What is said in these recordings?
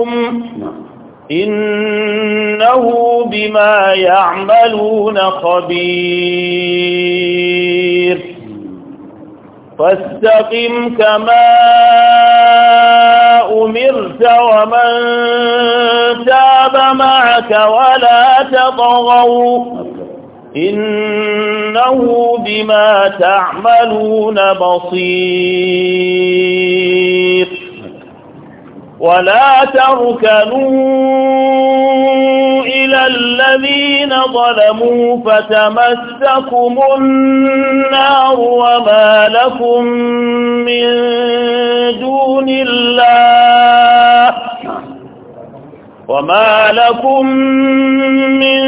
إنه بما يعملون خبير فاستقم كما أمرت ومن تاب معك ولا تطغوا إنه بما تعملون بصير ولا تركنوا إلى الذين ظلموا فتمسكم النار وما لكم من دون الله وما لكم من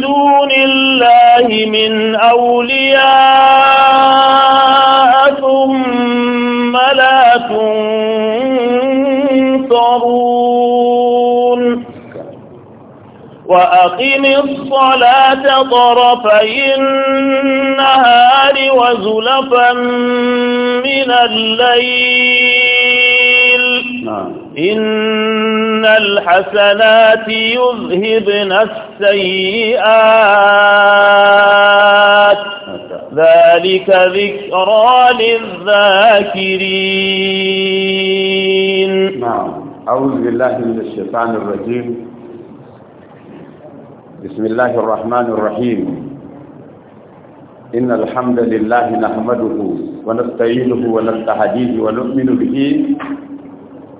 دون الله من أولياء ثم لا تنفرون وأقم الصلاة طرفي النهار وزلفا من الليل نعم. إن الحسنات يذهبن السيئات ذلك ذكرى للذاكرين نعم أعوذ بالله من الشيطان الرجيم بسم الله الرحمن الرحيم إن الحمد لله نحمده ونستعينه ونستهديه ونؤمن به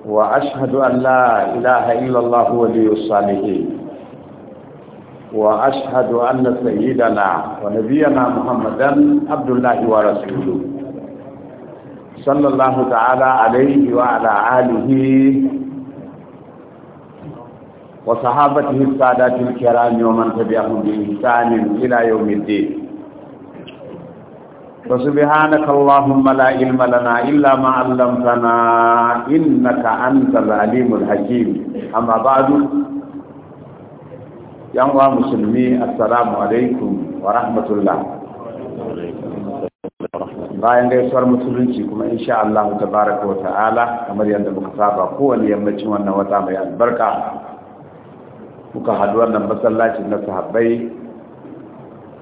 وأشهد أن لا إله إلا الله ولي الصالحين وأشهد أن سيدنا ونبينا محمدا عبد الله ورسوله صلى الله تعالى عليه وعلى آله وصحابته السادات الكرام ومن تبعهم بإحسان إلى يوم الدين فسبحانك اللهم لا علم لنا إلا ما علمتنا إنك أنت العليم الحكيم أما بعد يا مسلمي السلام عليكم ورحمة الله bayan gaisuwar musulunci kuma insha Allah tabaraka wa ta'ala kamar yadda muka saba kowane yammacin wannan wata mai albarka muka haɗu wannan masallacin na sahabbai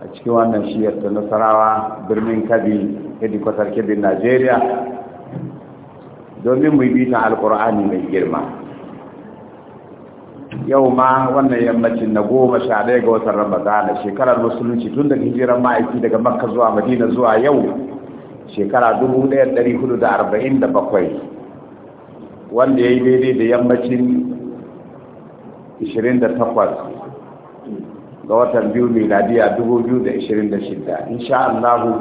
a cikin wannan shiyar ta nasarawa birnin kabi kwatar kebin najeriya domin mu bitan alkur'ani mai girma yau ma wannan yammacin na goma sha ɗaya ga watan ramadana shekarar musulunci tun daga hijiran ma'aiki daga makka zuwa madina zuwa yau shekara dubu ɗaya da da bakwai, wanda ya yi daidai da yammacin Ishirin da takwas ga watan biyu miladiya 2026 insha Allah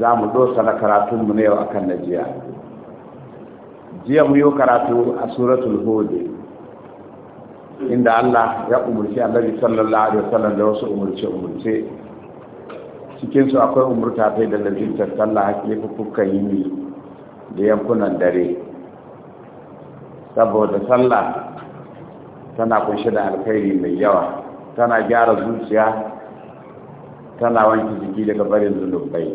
za mu dosa na karatunmu na yau akan najiya jiya mu yi karatu a suratul hudu inda Allah ya umurci annabi sallallahu alaihi wasallam da wasu umurce umurce cikin su akwai umurta ta da lazimtar sallah hakki yi ne da yankunan dare saboda sallah tana kunshe da alkhairi mai yawa tana gyara zuciya tana wanke jiki daga barin zunubai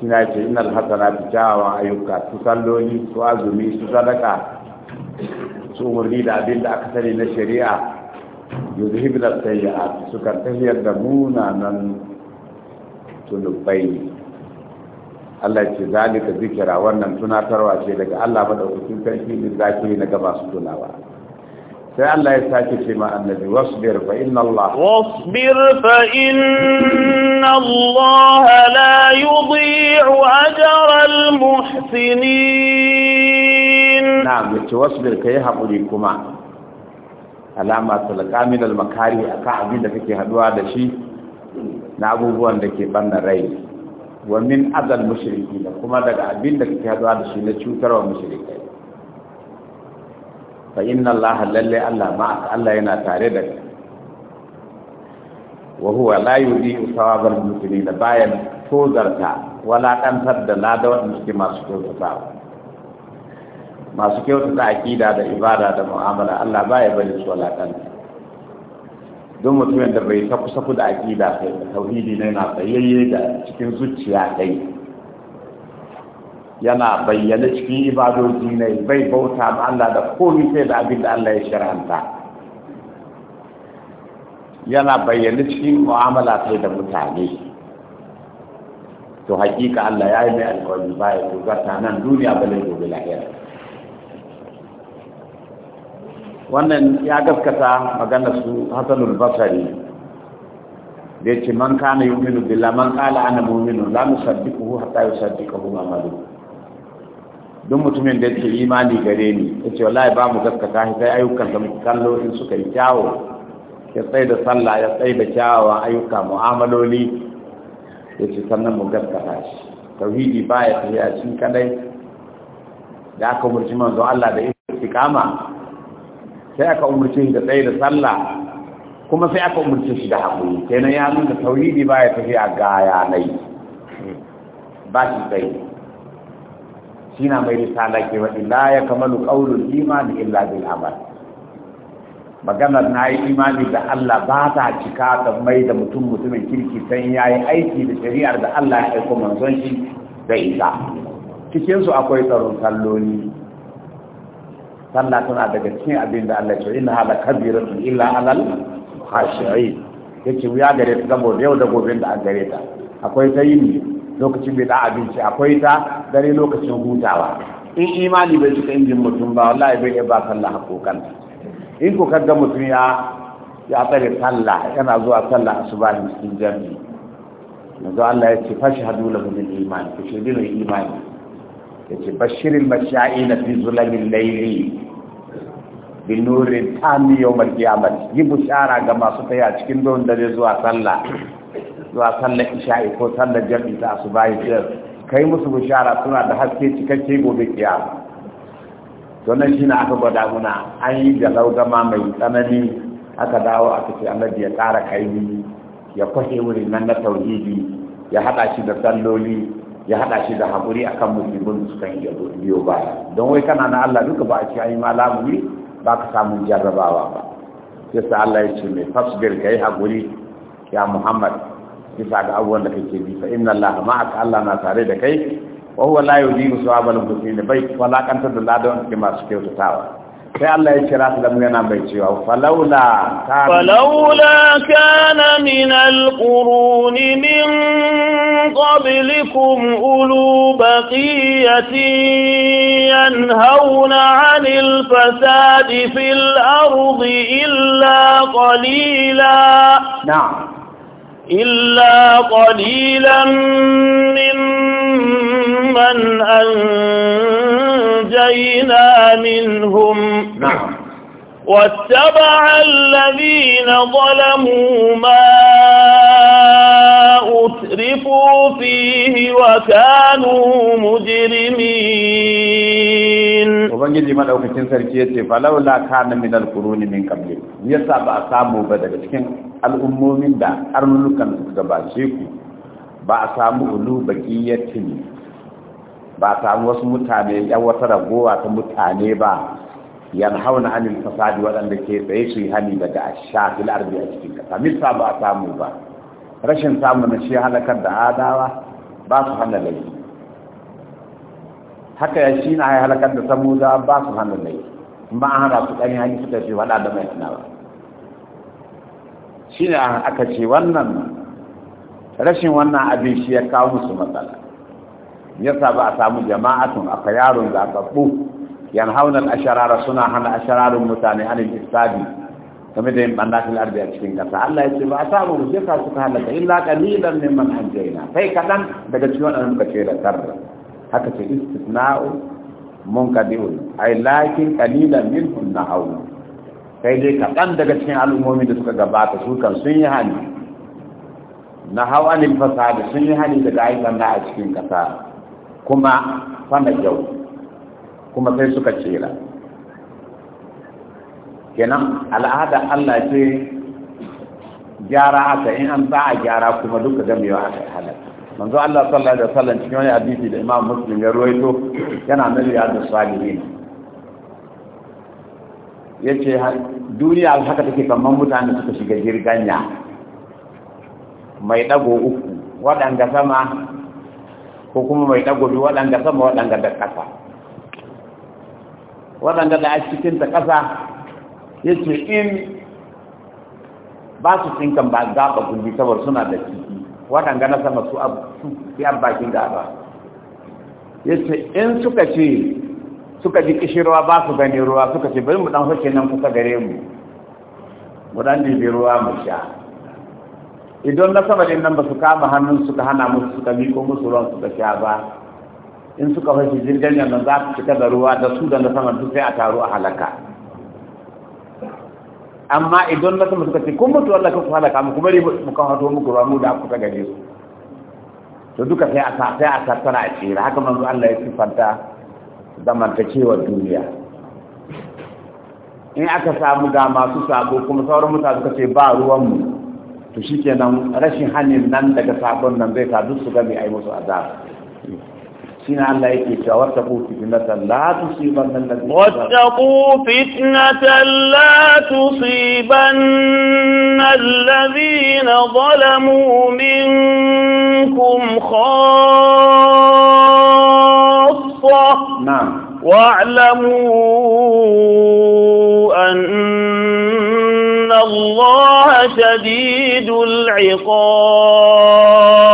shi na ce ina hasana ta kyawawan ayyuka su salloli su azumi su sadaka su umarni da abin da aka sani na shari'a yanzu hibilar a su kan tafiyar da munanan zunubai Allah ce zalika zikira wannan tunatarwa ce daga Allah madaukakin sarki da zaki na gaba su tunawa sai Allah ya sake ce ma annabi wasbir fa inna Allah wasbir fa inna Allah la yudhi'u ajra al muhsinin na'am yace wasbir kai hakuri kuma alama talqa min al makari akan abin da kake haduwa da shi na abubuwan da ke banna rai wa min adal mushriki kuma daga abin da kake haduwa da shi na cutarwa mushrikai fa inna Allah lalle Allah ma Allah yana tare da kai wa huwa la yudhi'u thawabal muslimin bayan tozarta wala kantar da lada wadanda masu kyautata. masu kyautata akida da ibada da mu'amala Allah baya bari su wala don mutumin da bai ta kusa da akida sai tauhidi ne na tsayayye da cikin zuciya kai. yana bayyana cikin ibadoji ne bai bauta ma Allah da komai sai da abin da Allah ya shar'anta yana bayyana cikin mu'amala sai da mutane to hakika Allah ya yi mai alkawari ba ya dogata nan duniya ba ne gobe lahira wannan ya gaskata magana su Hassanul basari da ce man kana yu'minu billah man kala ana mu'minun la nusaddiquhu hatta hu amaluhu don mutumin da ke imani gare ni ya ce wallahi ba mu gaskata shi sai ayyukan da muke kallo in suka yi kyawo ya tsaye da sallah ya tsaye da kyawawan ayyuka mu'amaloli ya ce sannan mu gaskata shi tauhidi ba ya tafi a cikin kadai da aka umarci manzo Allah da kama? sai aka umarci shi da tsaye da sallah kuma sai aka umarci shi da haƙuri kenan ya nuna tauhidi ba ya tafi a ga nai? ba shi tsaye shi na mai risala ke wa illa ya kamalu ƙaunin imani illa bil amal maganar na yi imani da Allah ba ta cika ta mai da mutum mutumin kirki sai ya yi aiki da shari'ar da Allah ya aiko manzon shi da isa cikinsu akwai tsaron salloni, sallah tana daga cikin abin da Allah ya ce inna hala kabiratun illa alal khashi'in yake wuya gare ta saboda yau da gobe da a gare ta akwai ta yi. lokacin bai da abinci akwai ta dare lokacin hutawa in imani bai cika injin mutum ba wallahi bai ba sallah hakokan in ku kaga mutum ya ya tsare sallah yana zuwa sallah asubahi cikin jami'i yanzu Allah ya ce fashi hadu lahu bil imani ku shirbi mai imani ya ce bashiril masha'ina fi zulamin layli bi nurin tami yawmal qiyamah yi bushara ga masu taya cikin don dare zuwa sallah zuwa sallar isha'i ko sallar jam'i ta asubahi sai kai musu bishara suna da haske cikakke gobe kiyama sannan shi na aka gwada muna an yi da laudama mai tsanani aka dawo aka ce annabi ya ƙara kaimi ya kwashe wurin nan na tauhidi ya haɗa shi da salloli ya haɗa shi da haƙuri akan musulmin su kan iya biyo baya don wai kana na Allah duka ba a ce ayi malamuri ba ka samu jarrabawa ba sai sa Allah ya ce mai fasbir kai haƙuri ya Muhammad bisa ga abubuwan da kake bi fa inna allaha ma'aka allah na tare da kai wa huwa la yudiru sawabal muttaqin bai falakantar da ladan da masu kyautatawa sai Allah ya kira su da magana bai cewa falaula kana falaula kana min alqurun min qablikum ulu baqiyatin yanhauna 'anil fasadi fil ardi illa qalila na'am إلا قليلا ممن أنجينا منهم نعم واتبع الذين ظلموا ما أترفوا فيه وكانوا مجرمين وبنجي ما لو كنت فلو لا كان من القرون من قبل يسا بأسامو بدك تكين الأمومين دا أرنلوكا تكباشيكو بأسامو أولو بقية ba samu wasu mutane ya wata ragowa ta mutane ba yanhauna anil fasadi waɗanda ke tsaye su yi hani daga ashafil arbi a cikin kasa misa ba a samu ba rashin samu na shi halakar da adawa ba su hana laifi haka ya shi na halakar da a ba su hana laifi ba an hana su ɗanyi su suka ce waɗa da mai tunawa shi ne aka ce wannan rashin wannan abin shi ya kawo musu matsala yasa ba a samu jama'atun aka yaron zaɓaɓɓu yanhauna al-asharara suna hana ashararun mutane anil isadi game da yin bandatul ardi a cikin kasa Allah ya ce ba a samu mu jika suka halaka illa qalilan mimman anjayna Kai kadan daga cikin wannan muka ce da haka ce istisna'u munkadirun ay lakin qalilan minhum na'u Kai dai kadan daga cikin al'ummomi da suka gabata su kan sun yi hani na hawanin fasada sun yi hani daga ayyukan da a cikin kasa kuma fana jau kuma sai suka cera kenan al'ada Allah ce gyara haka in an za a gyara kuma duka gamewa haka halatta manzo Allah sallallahu alaihi wasallam cikin wani hadisi da Imam Muslim ya ruwaito yana nuna ya da salihin yace duniya haka take kamar mutane suka shiga jirganya mai dago uku waɗanga sama ko kuma mai dago biyu waɗanga sama waɗanga da ƙasa waɗanda da ake cikin ta ƙasa ya ce in ba su tsinkan ba gaɓa gulbi saboda suna da ciki waɗanda na sama su yan bakin gaɓa ya ce in suka ce suka ji kishirwa ba su gani ruwa suka ce bari mu ɗan hukke nan kusa gare mu mu ɗan ɗibi ruwa mu sha idan na sama din nan ba su kama hannun suka hana musu suka miko musu ruwan suka sha ba in suka fashe jirgin yana za su cika da ruwa da su da na sama duk sai a taru a halaka amma idan na sama suka ce kun mutu wallaka su halaka mu kuma mu kan hato muku ruwa mu da aku ta gare su to duka sai a sa sai a tattara a tsira haka manzo Allah ya sifanta zamantakewar duniya in aka samu ga masu sabo kuma sauran mutane suka ce ba ruwanmu to shi kenan rashin hannun nan daga sabon nan zai ta duk su ga mai ai musu azaba سين الله يكي واتقوا فتنة لا تصيبن الذين واتقوا فتنة لا تصيبن الذين ظلموا منكم خاصة نعم واعلموا أن الله شديد العقاب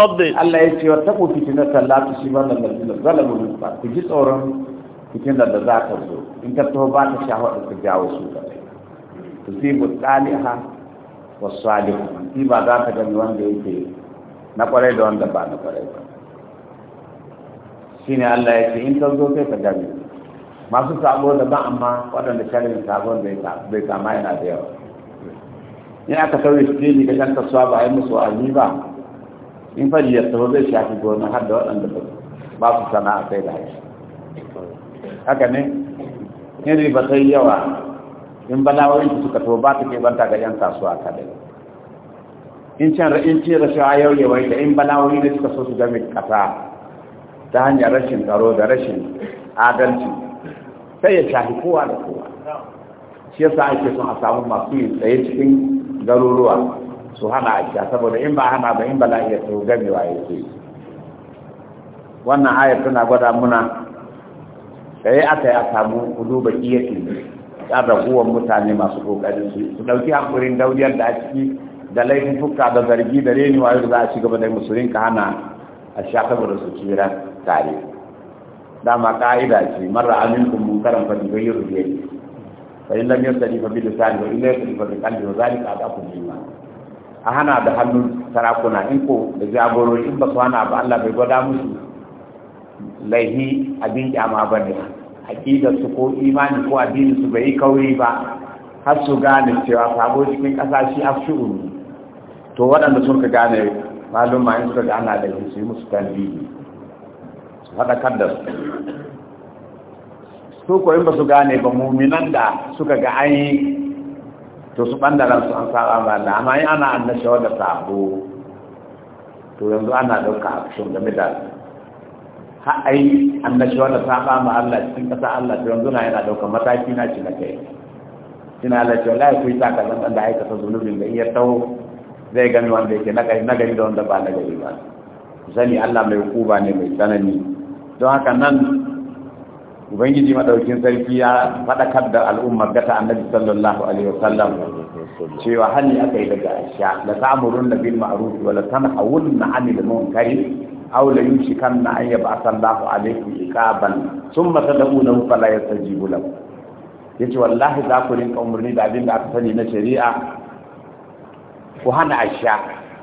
الأرض الله يتي واتقوا فتنة لا تصيبن الذين ظلموا منكم كجي تورن فتنة da za ta zo in ka taho ba ta shafa da ta jawo su ka tusibu saliha wa salihu in ba za ta gani wanda na kwarai da wanda ba na kwarai ba shine Allah ya ce in ta zo sai ka gani masu sabo da ba amma waɗanda sharin sabon bai kama yana da yawa in aka sauye su ne da kan kasuwa ba a yi musu wa'azi ba in fari ya taho zai shafi gona har da waɗanda ba su sana'a sai da haishi haka ne in riba sai yawa in bala'o'in suka to ba ta banta ga 'yan kasuwa kadai in can in ce rashin wai da in bala'o'i da suka so su game kasa ta hanyar rashin tsaro da rashin adalci sai ya shafi kowa da kowa shi yasa ake son a samu masu yin tsaye cikin garuruwa su hana a saboda in ba hana ba in ba ya su gamewa ya su wannan ayar tana gwada muna da ya aka yi a samu hudu ba iya yan raguwar mutane masu kokarin su su dauki hankurin dauniyar da a ciki da laifin fuka da zargi da reni wayo da za a ci gaba da musulun ka hana a sha saboda su kira tare dama ka'ida ce marar aminkum munkaran fa yughayyiru bi yadihi fa in lam yastadi fa bi lisani wa in lam yastadi bi wa zalika a hana da hannun sarakuna in ko da jagoro in ba su hana ba Allah bai gwada musu laihi abin kyama ba ne hakidar su ko imani ko addini su bai yi kauri ba har su gane cewa sabo cikin ƙasa shi a to waɗanda sun ka gane malum ma in suka ga ana laihi su yi musu tambihi su faɗakar da su su ko in ba su gane ba muminan da suka ga an yi to su ɓangaren su an saba ba da amma yi ana annashawa da sabo to yanzu ana ɗauka action game da ha ai annashawa da saba ma Allah cikin ƙasa Allah to yanzu na yana ɗauka mataki na shi na kai ina Allah ce wallahi ku ta saka zan da aikata zunubin da iya taho zai gani wanda yake na gari na gani da wanda ba na gani ba zani Allah mai hukuba ne mai tsanani don haka nan ubangiji madaukin sarki ya faɗakar da al'umma gata annabi sallallahu alaihi wasallam cewa hali akai daga asha la ta'murun bil ma'ruf wa la tanhawun 'anil munkari aw la yushikan an yab'atha Allahu alaikum iqaban thumma tad'unahu fala yastajibu lahu yace wallahi za ku rinka umarni da abin da aka sani na shari'a ku hana asha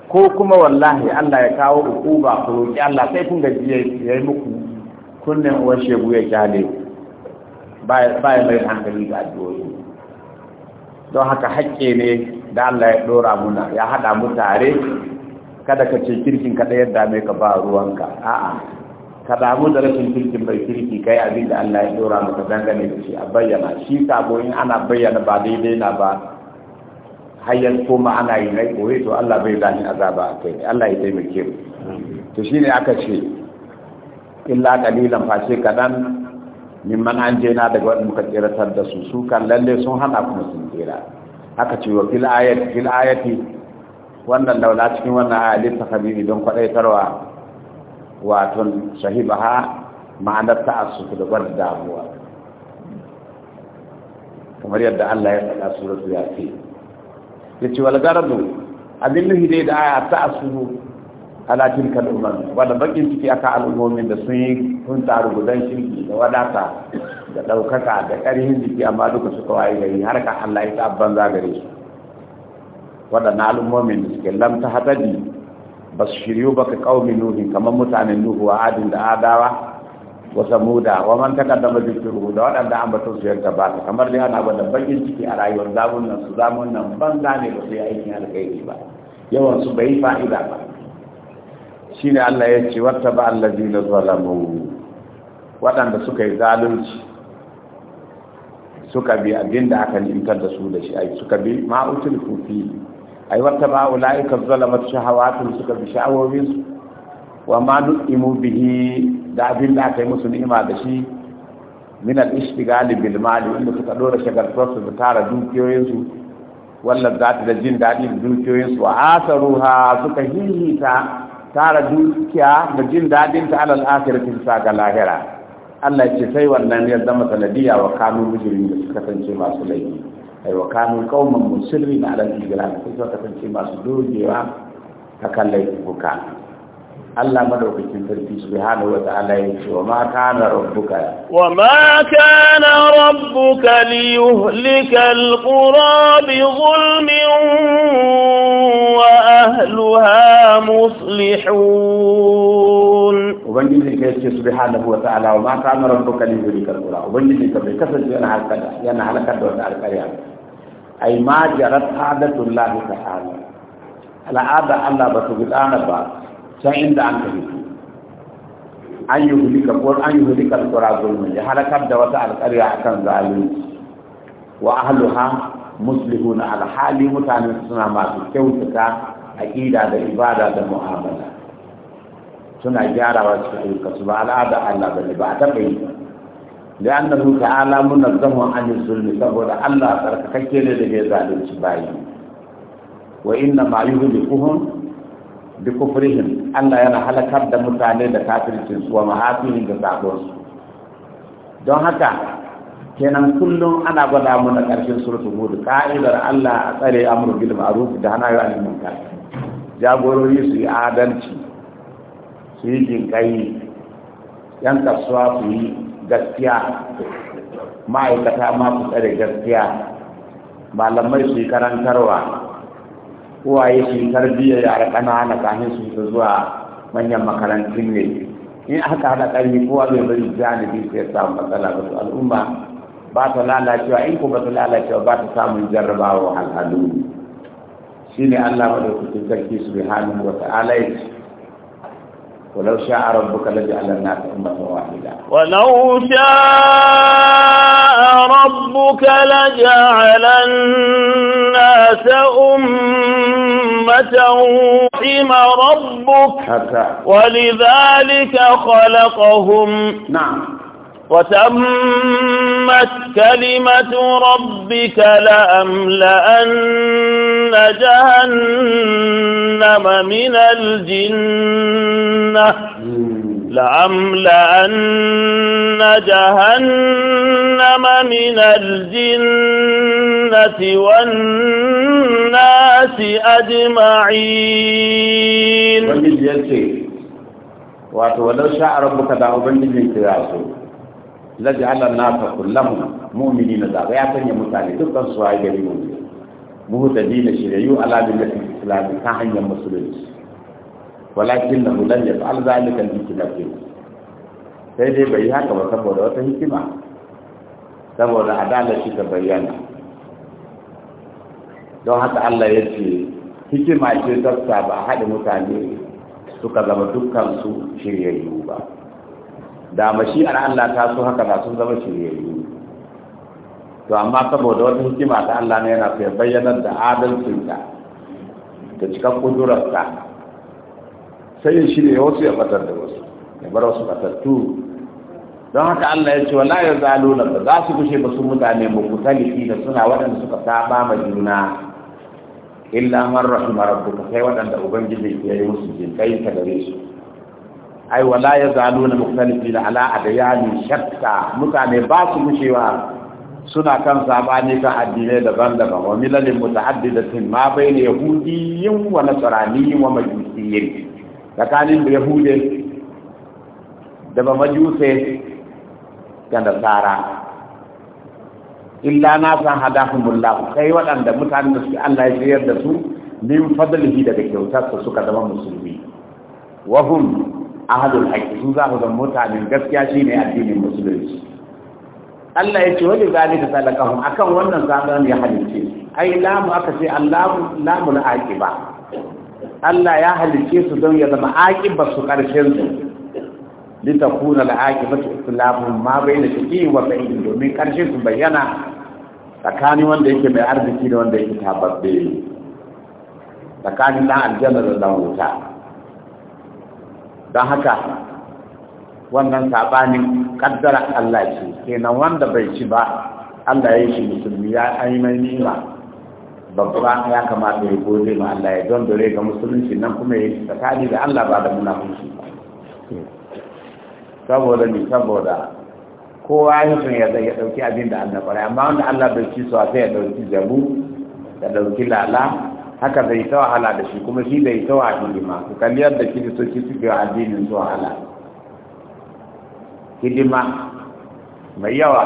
ko kuma wallahi Allah ya kawo hukuma ku roki Allah sai kun gaji yayi muku kunnen uwan shegu ya kyale ba ya mai hankali da addu'o'i don haka hakke ne da Allah ya ɗora muna ya haɗa mu tare kada ka ce kirkin kada yadda mai ka ba ruwanka a'a ka damu da rashin kirkin mai kirki kai abin da Allah ya ɗora maka dangane da shi a bayyana shi sabo in ana bayyana ba daidai na ba hayyan koma ana yi rai koyi to Allah bai zani azaba a kai Allah ya taimake mu to shine aka ce illa kalilan fashe kadan mimman an jena daga wanda muka tsiratar da su su kan lalle sun hana kuma sun tsira haka ce wa fil ayati fil ayati wannan laula cikin wannan ayatin ta kabiri don kwadaitarwa wato sahibaha ma'anar ta'assufu da bar damuwa kamar yadda Allah ya faɗa suratul yasin yace wal garadu abin nuhi dai da aya ala tilka al'umam wala bakin ciki aka al'ummomin da sun yi sun taru gudan shirki da wadata da ɗaukaka da ƙarfin jiki amma duka suka waye gari har ka Allah ya tabban zagare su waɗannan al'ummomin da suke lamta hatadi ba su shiryu ba ka ƙaumi nuhi kamar mutanen nuhu wa adin da adawa wa samuda wa man takaddama zikiru da waɗanda ambaton su yanka ba kamar dai ana gwada bakin ciki a rayuwar zamun nan su zamun nan banza ne ba su yi aikin alkhairi ba yawan su bai fa'ida ba shine Allah ya ce wata ba allazina zalamu waɗanda suka yi zalunci suka bi abinda aka nimtar da su da shi ai suka bi ma'utul kufi ai wata ba ulaika zalamat shahawatun suka bi sha'awowin su wa ma nu'imu bihi da abin da aka yi musu ni'ima da shi min al-ishtigali bil mali wanda suka dora shagaltar su da tara dukiyoyin su wallan zati da jin daɗi da dukiyoyin su wa asaruha suka hihita tara dukiya da jin dadin ta alal akhirati sa ga lahira Allah ce sai wannan ya zama sanadiya wa kanu mujrim da suka kasance masu laifi ai wa kanu qauman musirrin ala al-ijram sai suka kasance masu dogewa akan laifuka Allah madaukakin sarki subhanahu wa ta'ala yace wa ma kana rabbuka wa ma kana rabbuka li yuhlika al-qura bi zulmin wa ahliha muslihun ubangiji ke ce subhanahu wa ta'ala wa ma kana rabbuka li yuhlika al-qura ubangiji ka bai kasance yana halaka yana halaka da wata alƙarya ai ma jarat hadatu Allah ta'ala al'ada Allah ba su gudana ba can inda an ka fito an yi hulika ko an yi hulika alƙura zulmin ya halakar da wata alƙarya akan zalunci wa ahluha muslihuna alhali mutane suna masu kyautuka aqida da ibada da mu'amala suna gyarawa cikin ayyukansu ba al'ada Allah bane ba a taɓa yi li'annahu ta'ala munazzahu an zulmi saboda Allah tsarkakakke ne da bai zalunci bayi wa inna ma yuhlikuhum bi kufrihim Allah yana halakar da mutane da kafircin su wa mahafihin da sabon su don haka kenan kullum ana gwada mu na ƙarshen surutu hud ka'idar Allah a tsare amru bil ma'ruf da hana yi alimin ka jagorori su yi adalci su yi jinkai yan kasuwa su yi gaskiya ma'aikata ma su tsare gaskiya malamai su yi karantarwa kowaye su tarbiyya yara ƙanana kamin su ta zuwa manyan makarantun ne in aka haɗa ƙarfi kowa bai bari janibi sai samu matsala ba su al'umma ba ta lalacewa in ko ba ta lalacewa ba ta samun jarrabawa al'adu Shi shine Allah madaukakin sarki bai wa wata yake ولو شاء ربك لجعل الناس أمة واحدة ولو شاء ربك لجعل الناس أمة وحم ربك حتى ولذلك خلقهم نعم وتمت كلمة ربك لأملأن جهنم من الجنة لأملأن جهنم من الجنة والناس أجمعين ومن يلتي وأتولو شعر ربك دعو من كراسو laji ala nasa kullahum na da ya sanya mutane dukkan su ayi gari mu'mini muhtadi da shirayu ala millati islami ta hanyar musulunci walakin lahu ya yaf'al zalika bi kitabih sai dai bai yi haka ba saboda wata hikima saboda adalar shi ta bayyana don haka Allah ya ce hikima ce tafsa ba haɗe mutane suka zama dukkan su shiryayyu ba da mashi'ar Allah ta so haka ba sun zama shiryayyu to amma saboda wata hikima ta Allah ne yana fiye bayyanar da adalcinta da cikar kudurarta sai ya shirya wasu ya fatar da wasu ya bar wasu fatattu don haka Allah ya ce wa la yazalu ba za su kushe ba su mutane mukhtalifi da suna waɗanda suka saba ma juna illa man rahima rabbuka sai waɗanda ubangiji ya yi musu jinkai ta gare su ai wala ya zalo na mukhtalifi da ala adayani shakka mutane ba su mushewa suna kan sabani kan addinai daban-daban wa milal mutahaddidatin ma bayna yahudiyyin wa nasrani wa majusiyyin tsakanin da yahude da ba majuse da nasara illa na san hadahumullahu kai waɗanda mutanen da suke Allah ya jiyar da su min fadlihi daga kyautarsa suka zama musulmi hum ahalul haqqi su za ku zama mutanen gaskiya shine addinin musulunci Allah ya ce wani zane ta zalika salakahum akan wannan sabon ya halice ai lamu aka ce an Allahu lamul aqiba Allah ya halice su don ya zama aqiba su karshen su litakuna al-aqibatu islamun ma na shaqi wa sa'id domin ƙarshen su bayyana tsakanin wanda yake mai arziki da wanda yake tababbe tsakanin ɗan aljanna da ɗan wuta don haka wannan saɓanin kaddara Allah ce kenan wanda bai ci ba Allah ya shi musulmi ya yi mai nima babba ya kamata ya gode ma Allah ya don dore ga musulunci nan kuma ya yi tsakani da Allah ba da munafunci ba saboda ni saboda kowa ya sun ya zai ya dauki abin da Allah amma wanda Allah bai ci su sai ya dauki jabu ya dauki lala haka zai ta wahala da shi kuma shi zai ta wahala ma ku kalli yadda kiristoci suke addinin su wahala hidima mai yawa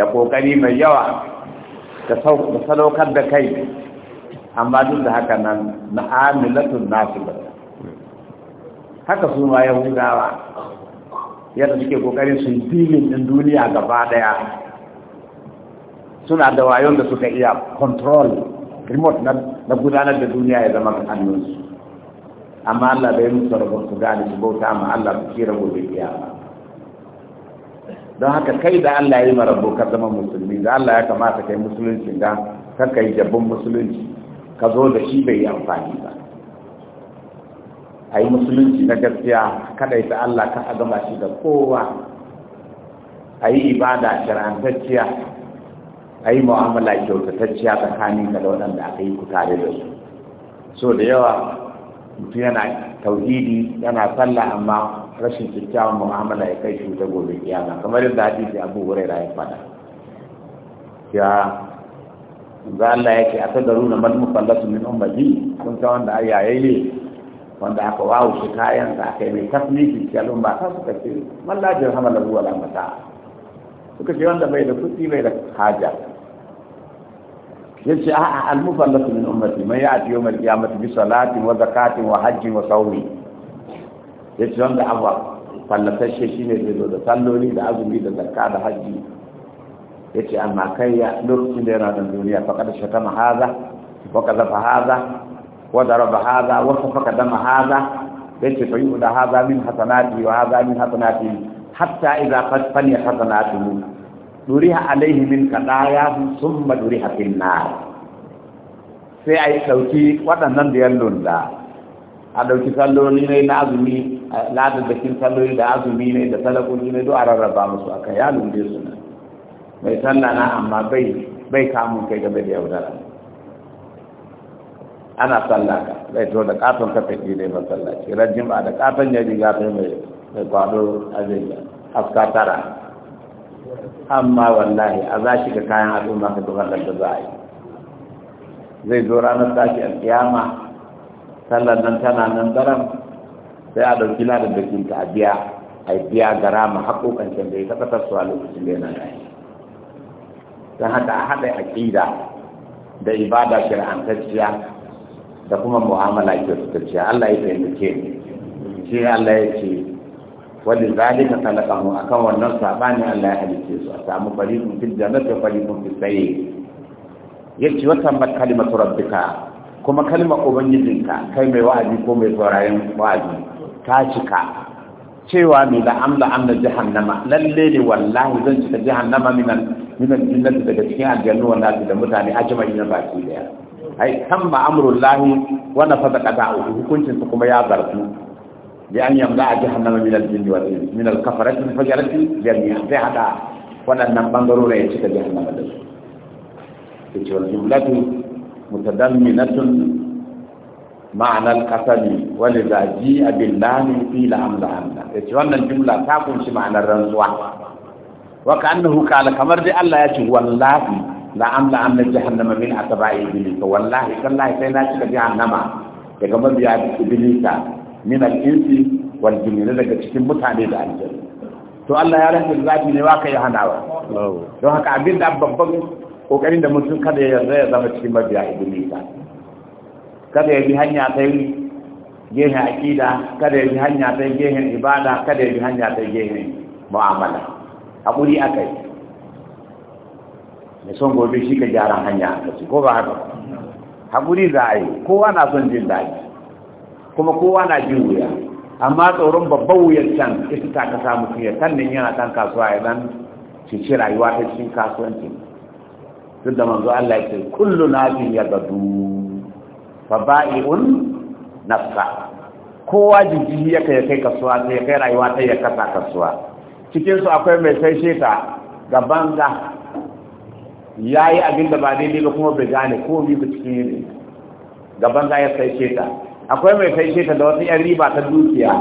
da kokari mai yawa da sadaukar da kai amma duk da haka nan na amilatun nasu ba haka su ma yahudawa yadda suke kokarin su filin din duniya gaba daya suna da wayon da suka iya control remote na gudanar da duniya ya zama su amma Allah bai musu rabon su gane su bauta ma Allah su kira gobe kiyama don haka kai da Allah ya yi marabo ka zama musulmi da Allah ya kamata kai musulunci da kanka yi jabbin musulunci ka zo da shi bai yi amfani ba a yi musulunci na gaskiya kadai ta Allah ka agama shi da kowa a yi ibada shirantacciya a yi mu'amala kyautatacciya tsakanin ka da waɗanda aka yi ku tare da su so da yawa mutum yana tauhidi yana sallah amma rashin kyakkyawan mu'amala ya kai shi ta gobe kiyama kamar yadda hadisi abu huraira ya faɗa ya za Allah ya ce a na malmu mufallatu min ummati kun ta wanda ayi ne wanda aka wawo shi kayan sa aka yi mai tasmiki cikin ba ta suka ce mallajin la wala suka ce wanda bai da kuɗi bai da haja yace a'a al-mufallatu min ummati man ya'ti yawm al-qiyamati bi salatin wa zakatin wa hajjin wa sawmi yace wanda abba fallatashe shine zai zo da salloli da azumi da zakka da hajji yace amma kai ya lokacin da yana da duniya faqad shatama hadha wa kadhafa hadha wa daraba hadha wa safaka dama hadha yace fa yu'da hadha min hasanati wa hadha min hasanati hatta idza fasfani hasanatu duriha alaihi min qadaya thumma duriha fil nar sai ai sauki waɗannan da yallon da a dauki salloli ne na azumi ladadakin salloli da azumi ne da salakun ne do a rarraba musu aka ya lunde su ne mai sallah na amma bai bai kamun kai game da yaudara ana sallah ka zai to da katon kafa ne masallaci rajin ba da katon ya riga kai mai kwado abin afka tara amma wallahi a za shi kayan al'umma ka zuwa da za a yi zai zo ranar tashi alkiyama sallar nan tana nan daram sai a ɗauki ladar da kinta a biya a biya gara ma haƙoƙan can da ya taɓa su a lokacin da yana yi don haka a haɗa aƙida da ibada shir'antacciya da kuma mu'amala kyautacciya Allah ya taimake ni shi Allah ya ce wani zalika A akan wannan sabani Allah ya halice su a samu fariqun fil jannati wa fi fis ya yace wata tambat kalimatu rabbika kuma kalmar ubangijinka kai mai wa'azi ko mai saurayin wa'azi ta cika cewa mai la'am la'am na jahannama lalle ne wallahi zan cika jahannama minan minan jinnati daga cikin aljannu wannan da mutane ajma'i na baki daya ai tamma amrullahi wa nafada qada'u hukuncin su kuma ya zartu an yam a jahannam min al jinni wal insi min al kafarati min fajarati jaan yam fi hada wala nam bangaru re ci ta jahannam da ci ci wal jumlatu mutadamminatun ma'ana al qasami wa li za ji abillahi la am la anna ci wal jumla ta kun ci ma'ana ranzuwa wa ka annahu kala kamar da Allah ya ci wallahi la am la jahannama min atba'i bil wallahi kallahi sai na ci ta nama daga mabiya ibilisa min al-insi wal jinni daga cikin mutane da aljanna to Allah ya rantsa zafi ne waka ya hanawa don haka abin da babban kokarin da mutum kada ya yarda ya zama cikin mabiya iblisa kada ya bi hanya ta yi gehen akida kada ya bi hanya ta yi gehen ibada kada ya bi hanya ta yi gehen mu'amala hakuri akai mai son gobe shi ka gyara hanya a ko ba haka hakuri za a yi kowa na son jin daɗi kuma kowa na jin wuya amma tsoron babban wuyar can ita ta kasa mutum ya sannan yana kan kasuwa ya dan cece rayuwa ta cikin kasuwanci duk da manzo Allah ya ce kullu nafin ya gadu fa ba'i'un nafsa kowa jiji ya kai kai kasuwa sai ya kai rayuwa ta ya kasa kasuwa cikin su akwai mai sai sheta gaban ga yayi abin da ba daidai ba kuma bai gane ko ba cikin gaban ga ya sai sheta akwai mai ce ta da wata yan riba ta dukiya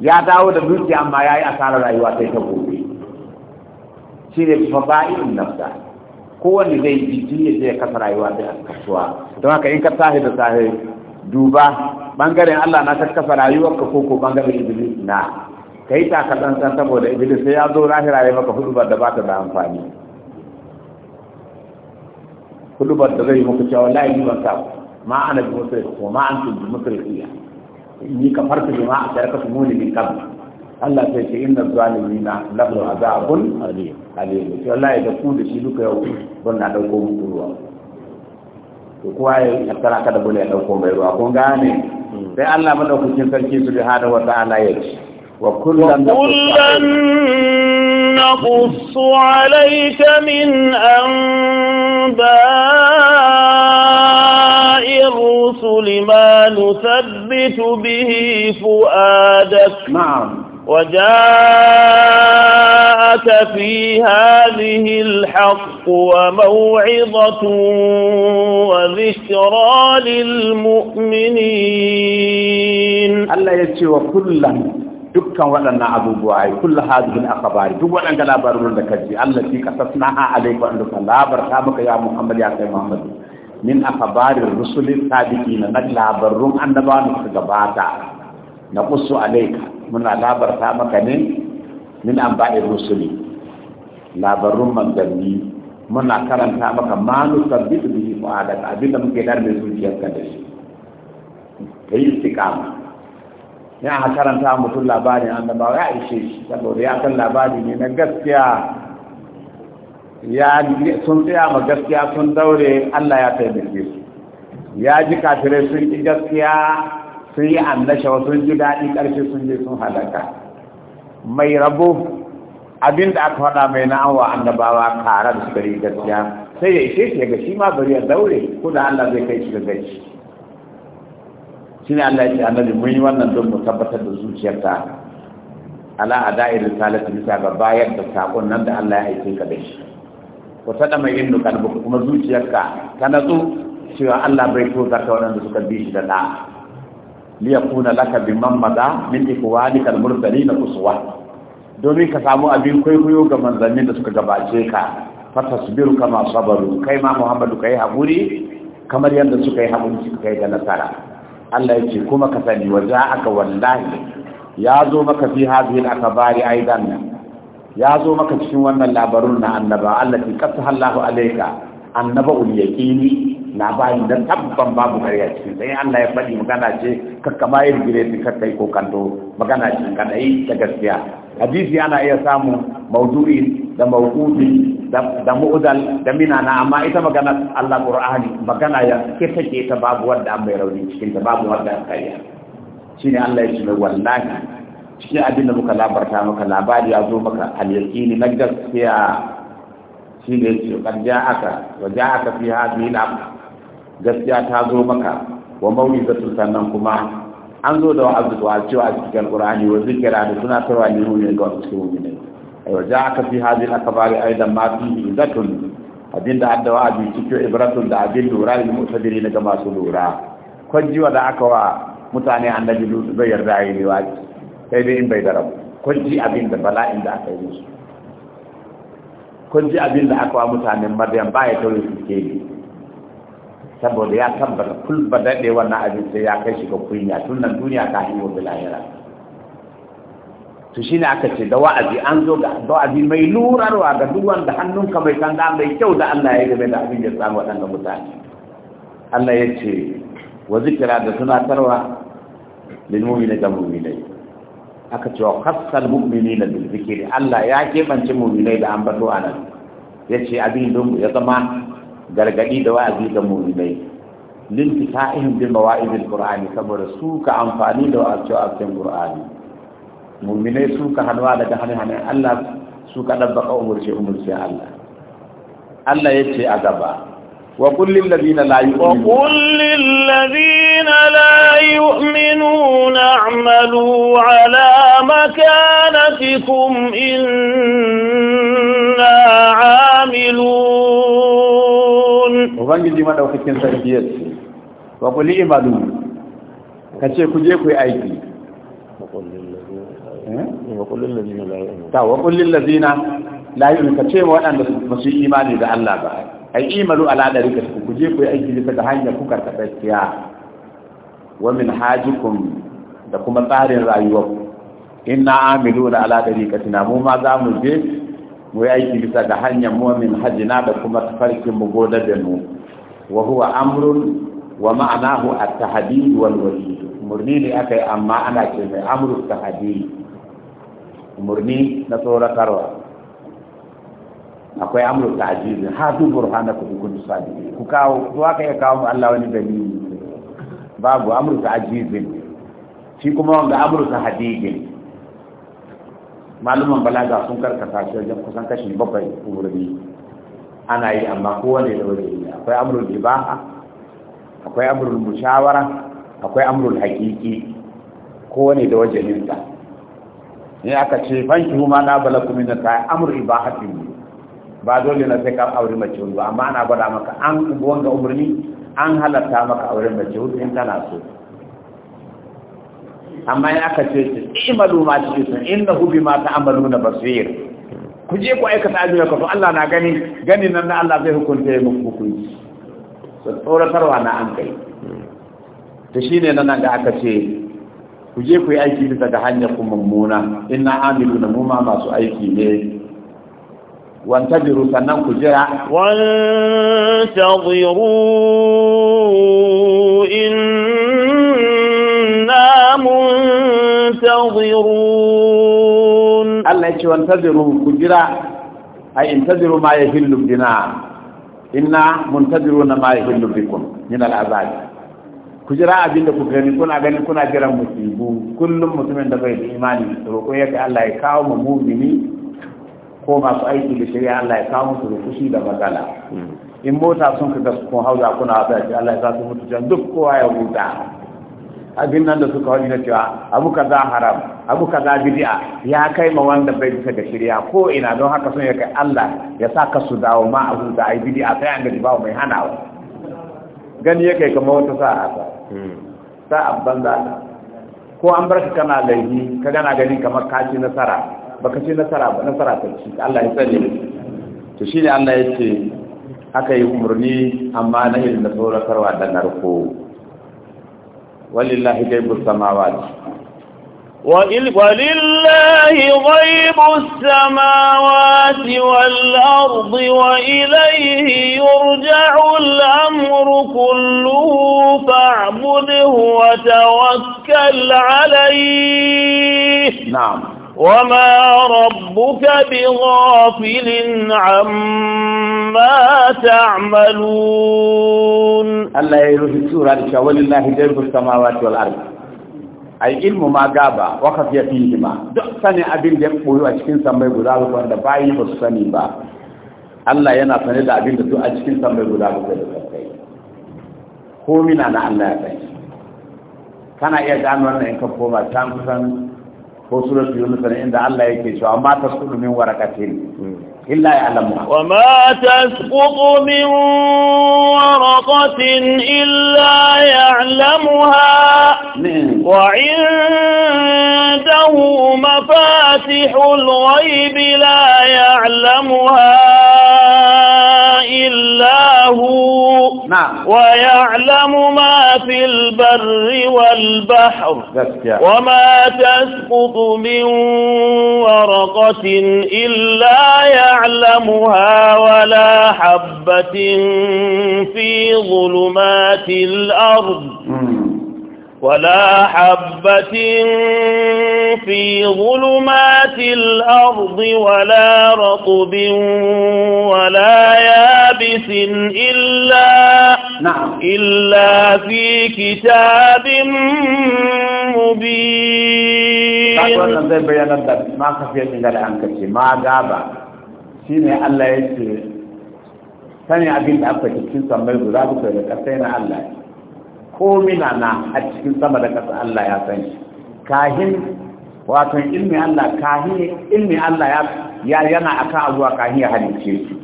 ya dawo da dukiya amma ya yi asarar rayuwa sai ta gobe shi ne faba'in nafsa kowanne zai yi jini zai kasa rayuwa da kasuwa don haka in ka tahi da tahi duba bangaren Allah na ta kasa rayuwarka ko ko bangaren Iblis na kai ta ka tsantsan saboda Iblis sai ya zo rahira ya maka hudubar da ba ta da amfani hudubar da zai muku cewa wallahi ni ban samu ma ana bi musrik wa ma an antum bi musrikiya inni kafartu bima asharaktu muni min kan Allah sai ce inna zalimina lahu azabun alim alim to Allah ya ku da shi duka yau ban na dauko muku ruwa to kowa ya tsara kada bane ya dauko mai ruwa kun gane sai Allah madaukakin sarki subhanahu wa ta'ala ya ce wa kullan naqussu alayka min an أنباء الرسل ما نثبت به فؤادك نعم وجاءك في هذه الحق وموعظة وذكرى للمؤمنين الله يتشوى كلا dukkan waɗannan abubuwa ai kullu hadhihi al-akhbari duk waɗannan labarun da kaji Allah allati qasasnaha alayka an labar ta maka ya Muhammad ya kai Muhammad min akhbari rusul sabiqin na labarun annabawan su gabata na qussu alayka muna ta maka ne min anba'i rusul labarun manzanni muna karanta maka ma nusabbitu bihi fa'ada abinda muke dar da zuciyarka da shi kai istiqama ya a karanta mutum labarin annabawa ya ishe shi saboda ya san labari ne na gaskiya ya sun tsaya ma gaskiya sun daure Allah ya taimake su ya ji kafirai sun ki gaskiya sun yi annashawa sun ji daɗi ƙarfi sun je sun halaka mai rabo abin da aka faɗa mai na annabawa kara da su gari gaskiya sai ya ishe shi ga shi ma bari ya daure ko da Allah zai kai shi ga gaci shine Allah ya ce annabi mun yi wannan don mu tabbatar da zuciyarka ala ada'i risalati bisa ga bayar da sakon nan da Allah ya aike ka da shi ko sada mai yin kan ba kuma zuciyarka ta natsu cewa Allah bai so zaka da suka bi shi da da yakuna laka bimman mada min ikwanika al na uswa domin ka samu abin kwaikwayo ga manzannin da suka gabace ka tasbiru kama sabaru kai ma Muhammadu kai haƙuri kamar yadda suka yi haƙuri suka kai da nasara Allah yake kuma ka sani wa ja'aka wallahi ya zo maka fi hadhihi al-akhbari aidan ya zo maka cikin wannan labarun na annaba allati qad Allahu alayka annaba ul yaqini labarin da tabban babu kariya cikin sai Allah ya faɗi magana ce kakka mai yin gireti kakkai ko kanto magana ce kadai ta gaskiya hadisi ana iya samu maudu'in da mawqufi da Mu'udal, da minana amma ita magana Allah Qur'ani magana ya ke take ta babu wanda an bai rauni cikin ta babu wanda an kariya shine Allah ya ce wallahi cikin abin da muka labarta maka labari ya zo maka al-yaqini na gaskiya shine ne ce kan aka wa aka fi hadhihi gaskiya ta zo maka wa mawizatu sannan kuma an zo da wa'azu wa cewa cikin Qur'ani wa zikira da suna tarwani ne ne ga wasu mu'minai za وجاءك في هذه الأخبار أيضا ما فيه إذة abin da Adawa abin cikin ibratun da abin lura da mutadiri na gama su lura kwajiwa da aka wa mutane annabi lutu bai yarda yi ne waje sai dai in bai da rabu kwaji abin da bala'in da aka yi musu kwaji abin da aka wa mutane maryam ba ya tauri su ke bi saboda ya tabbata kul ba daɗe wannan abin sai ya kai shiga kunya tun nan duniya ta yi wa bilahira to shi ne aka ce da wa'azi an zo ga wa'azi mai lurarwa ga duk wanda hannunka mai sanda mai kyau da Allah ya game da abin da samu waɗanda mutane Allah ya ce wa zikira da tunatarwa lil mu'mini da mu'minai aka ce wa khassal mu'minina bil zikri Allah ya kebance mu'minai da ambato anan ce abin don ya zama gargadi da wa'azi ga mu'minai lin fita'ihim bil mawa'idil qur'ani saboda su ka amfani da cikin qur'ani mummine su ka hanwa daga hane hane Allah su ka dabba ka umurce umurce Allah Allah ya ce a gaba wa kullin ladina la yu'minu wa kullin ladina la yu'minu na'malu ala makanatikum inna amilun ubangiji madaukakin sarki ya ce wa kulli imadu kace ku je ku yi aiki kullun ladina la yu'minu wa kullun ladina la yu'minu ka ce waɗanda ba su imani da Allah ba ai imalu ala darika ku je ku yi aiki bisa ga hanya ku karka gaskiya wa min hajikum da kuma tsarin rayuwar inna amiluna ala darikatina mu ma za mu je mu yi aiki bisa ga hanyar mu min hajina da kuma tafarkin mu goda da mu wa huwa amrun wa ma'anahu at-tahdid wal wajib murni ne akai amma ana ce mai amru at-tahdid umarni na tsoratarwa akwai amur ta ha hatu burhana ku kun sadi ku kawo zuwa ka iya kawo mu Allah wani dalili babu amur ta ajiyar shi kuma wanda amur ta hadigin malumin balaga sun karkata shi wajen kusan kashi bakwai umarni ana yi amma kowane da wajen akwai amru ibaha akwai amru mushawara akwai amru hakiki kowane da wajen wajeninsa ne aka ce fanki kuma na bala kuma na ta amur ibahatin ba dole na sai ka aure mace ba amma ana gwada maka an ga umarni an halatta maka aure mace hudu in tana so amma in aka ce ki imalu ma ci sun ta amalu na basir ku je ku aikata ajiyar ka to Allah na gani gani nan na Allah zai hukunta ya muku hukunci so tsoratarwa na an kai to shine nan da aka ce ku je ku yi aiki bisa ga hanyar ku mummuna ina amilu na muma masu aiki ne wanta biru sannan ku jira wanta biru in namun Allah ya ce wanta biru ku jira a in ta biru ma ya hillu dina ina mun ta ma ya hillu bikun yin al'azari ku jira abin ku gani kuna gani kuna jiran musibu kullum mutumin da bai da imani roƙo ya kai Allah ya kawo mu mumini ko masu aiki da shari'a Allah ya kawo musu da kushi da matsala hmm. in mota sun ka kun hauza kuna wasa ce Allah ya sa su mutu can duk kowa ya huta abin nan da suka wani na cewa abu ka za haram abu ka za bidiya ya kai ma wanda bai bisa ga shari'a ko ina don haka sun ya kai Allah ya sa ka su dawo ma a da ai bid'a sai an gaji ba mai hanawa gani ya kai kamar wata sa'a ta hmm. sa'a banza ta ko an barka kana laifi ka gana gani kamar ka ci nasara ka ci nasara ba nasara ta ci Allah ya sani to shine Allah ya ce aka yi umarni amma na irin da saurakarwa da narko walillahi gaibul samawati ولله غيب السماوات والأرض وإليه يرجع الأمر كله فاعبده وتوكل عليه نعم وما ربك بغافل عما تعملون الله يرفع سورة ولله غيب السماوات والأرض ilmu ma gaba wa kafiya fihi ma duk sani abin da ya koyo a cikin sammai guda bakwai da bayi ba su sani ba Allah yana sane da abin da duk a cikin sammai guda ba da sassai ko mina na Allah ya sani kana iya gano wannan in ka koma can kusan ko suratul yunus inda Allah yake cewa ma tasulu min warakatin hmm. إلا يعلمها وما تسقط من ورقة إلا يعلمها نعم. وعنده مفاتح الغيب لا يعلمها إلا هو نعم. ويعلم ما في البر والبحر وما تسقط من ورقة إلا يعلمها يعلمها ولا حبة في ظلمات الأرض ولا حبة في ظلمات الأرض ولا رطب ولا يابس إلا نعم إلا في كتاب مبين. ما غاب shi ne Allah ya ce sani abin da aka cikin sammai guda sai da ƙasa yana Allah ko mina na a cikin sama da ƙasa Allah ya sani kahin wato ilmi Allah kahin ilmi Allah ya yana akan abuwa kahin ya halice su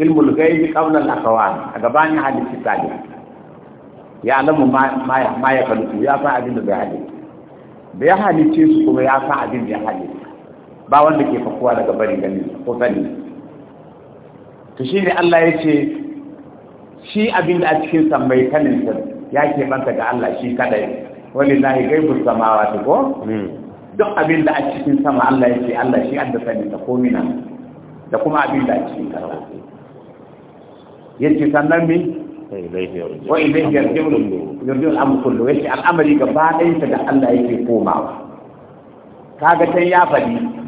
ilmul gaibi qabla al a gabanin hadisi tali ya alamu ma ma ya kalu ya san abin da ya halice da ya halice su kuma ya san abin da ya halice ba wanda ke fakuwa daga bari gani ko sani to shi ne Allah ya ce shi abin da a cikin sammai kanin ya ke banta ga Allah shi kadai wani lahi gaibu samawa ta ko hmm. duk abin da a cikin sama Allah ya ce Allah shi adda sani ta komina da kuma abin da a cikin kasa ya ce sannan mi wa ilaihi yarji'ul amru kullu yace al'amari gaba ɗayan ta da Allah yake komawa kaga can ya faɗi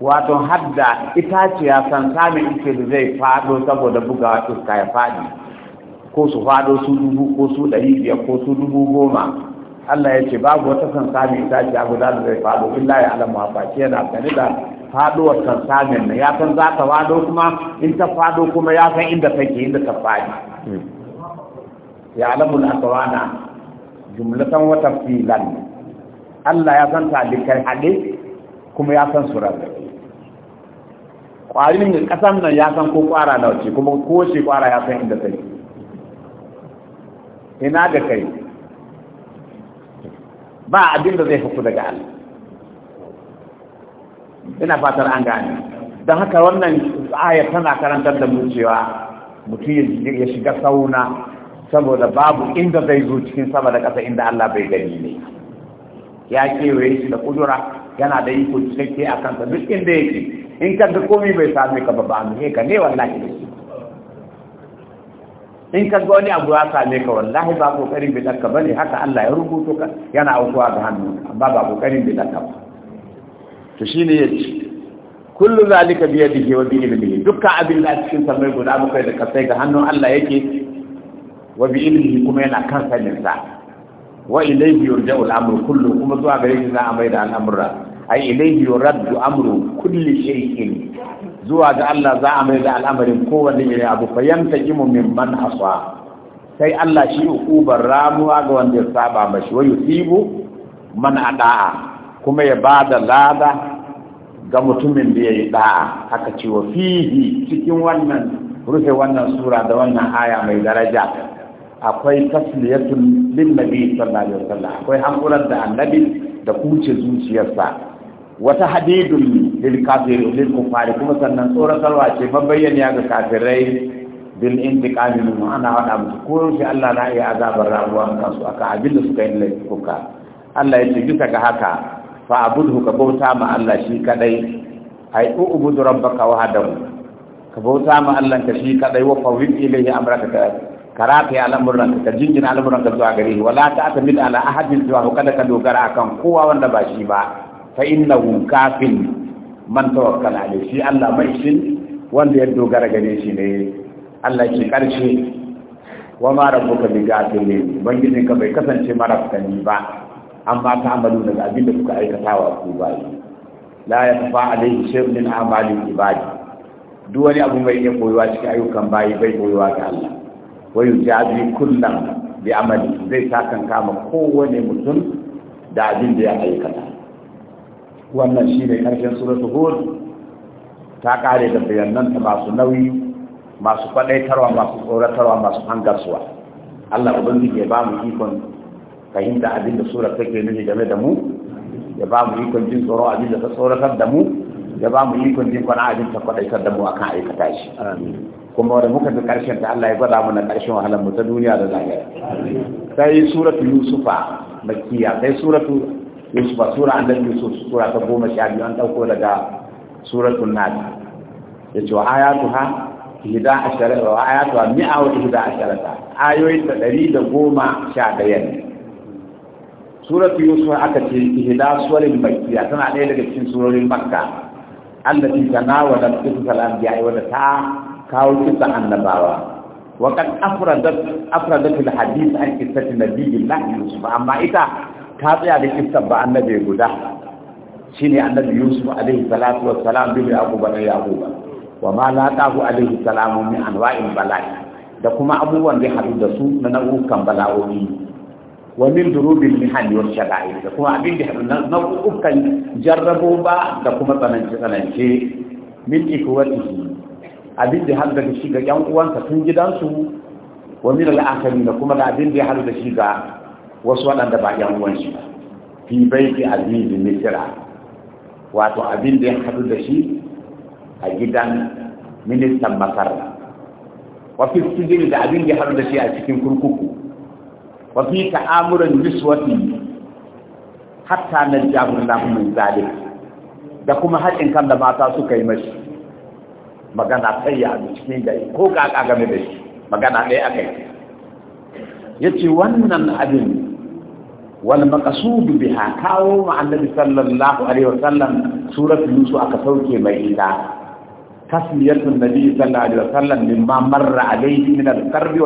wato hadda itaciya san samun ike da zai fado saboda bugawa iska ya fadi ko su fado su dubu ko su ɗari biyar ko su dubu goma Allah ya ce babu wata sansamin itaciya guda da zai fado illa ya alamu a face yana gani da faduwar sansamin na ya san za ta fado kuma in ta fado kuma ya san inda take inda ta fadi ya alamu na tsawana jumlatan wata filan Allah ya san ta talikai haɗe kuma ya san surar kwarin da nan ya san ko ƙwara da wace kuma ko shi ƙwara ya san inda kai ina ga kai ba abin da zai huku daga Allah ina fatar an gane don haka wannan aya tana karantar da mu cewa mutum ya shiga sauna saboda babu inda zai zo cikin sama da ƙasa inda Allah bai gani ne ya kewaye shi da kudura yana da iko cikakke a kansa duk inda yake in ka ga komai bai same ka ba ba mu ka ne wallahi in ka ga wani abu ya same ka wallahi ba kokarin bai dakka bane haka Allah ya rubuto ka yana aukuwa ga hannu amma ba kokarin bi dakka ba to shine yace kullu zalika bi yadihi wa bi ilmihi dukkan abin da cikin sa mai guda bakwai da kasai ga hannun Allah yake wa bi ilmihi kuma yana kan sanin sa wa ilayhi yurja'u al-amru kullu kuma zuwa gare shi za a mai da al'amura ay ilayhi yuraddu amru kulli shay'in zuwa ga Allah za a mai da al'amarin kowanne irin abu fa yantajimu mimman asa sai Allah shi ukubar ramuwa ga wanda ya saba mashi wa mana man ada'a kuma ya ba da lada ga mutumin da yayi da'a haka ce wa fihi cikin wannan rufe wannan sura da wannan aya mai daraja akwai tasliyatun lin nabi sallallahu alaihi wasallam akwai hankulan da annabi da kuce zuciyarsa wata hadidun lil kafir lil kufari kuma sannan salwa ce ya ga kafirai bil intiqami min ana wada musu ko shi Allah na iya azabar rabuwa kansu aka abinda suka yi laifuka Allah ya ce bisa ga haka fa abudhu ka bauta ma Allah shi kadai ai ubudu rabbaka wahdahu ka bauta ma Allah ka shi kadai wa fawwid ilayhi amraka ka karata ya al'amuran ka jinjin al'amuran ka zuwa gare wala ta ala ahadin zuwa kada ka dogara akan kowa wanda ba shi ba fa innahu kafin man tawakkala alayhi shi Allah mai wanda ya dogara gare shi ne Allah ke karshe wa ma rabbuka bi ghafilin bangijin ka bai kasance marafkani ba amma ta amalu daga abin da kuka aikata wa ku bayi la fa alayhi shay'un min amali ibadi duk wani abu mai iya koyuwa cikin ayyukan bayi bai koyuwa ga Allah wa yujazi kullam bi amali zai sakan kama kowane mutum da abin da ya aikata wannan shi ne ƙarshen suratul hud ta ƙare da bayananta masu nauyi masu kwaɗaitarwa masu tsoratarwa masu hangarsuwa Allah ubangiji ya ba mu ikon fahimta abin da sura take nufi game da mu ya ba mu ikon jin tsoro abin da ta tsoratar da mu ya ba mu ikon jin kwana abin ta kwaɗaitar da mu akan aikata shi kuma wanda muka fi ƙarshen ta Allah ya gwada mana ƙarshen wahalar mu ta duniya da zahira sai suratu yusufa makiya sai suratu yusuf sura annabi yusuf sura ta goma sha biyu an ɗauko daga suratul nas ya ce wa ayatuha ihda ashara wa ayatuha mi'a wa ihda asharata ayoyin ta ɗari da goma sha ɗaya ne suratu yusuf aka ce ihda suwarin makkiya tana ɗaya daga cikin surorin makka allati tanawala qisal anbiya'i wa ta kawo kisan annabawa وقد أفردت أفردت الحديث عن قصة النبي الله يوسف amma ita. ta tsaya da kistan ba annabi guda ne annabi yusuf alaihi salatu wassalam bi yaquba da yaquba wa ma la taqu alaihi salamu min anwa'il bala'i da kuma abubuwan da haɗu da su na nau'ukan bala'o'i wa min durubil mihan wa shada'i da kuma abin da haɗu na nau'ukan jarrabo ba da kuma tsanance tsanance min ikwatihi abin da haɗu da shi ga yan uwansa tun gidansu wa min al'akari da kuma da abin da ya haɗu da shi ga wasu waɗanda ba yan uwan shi ba fi baiti azizi misira wato abin da ya haɗu da shi a gidan ministan masar wa fi sujin da abin da ya haɗu da shi a cikin kurkuku wa fi ta'amuran Miswati, hatta na jabun lahu min da kuma haƙin kan da mata suka yi mashi magana sai ya cikin gari ko ƙaƙa game da shi magana ɗaya kai. ya ce wannan abin wal maqsud biha kawo ma annabi sallallahu alaihi wasallam suratu yusuf aka sauke mai ita tasmiyatun nabi sallallahu alaihi wasallam mimma marra alaihi min al-karbi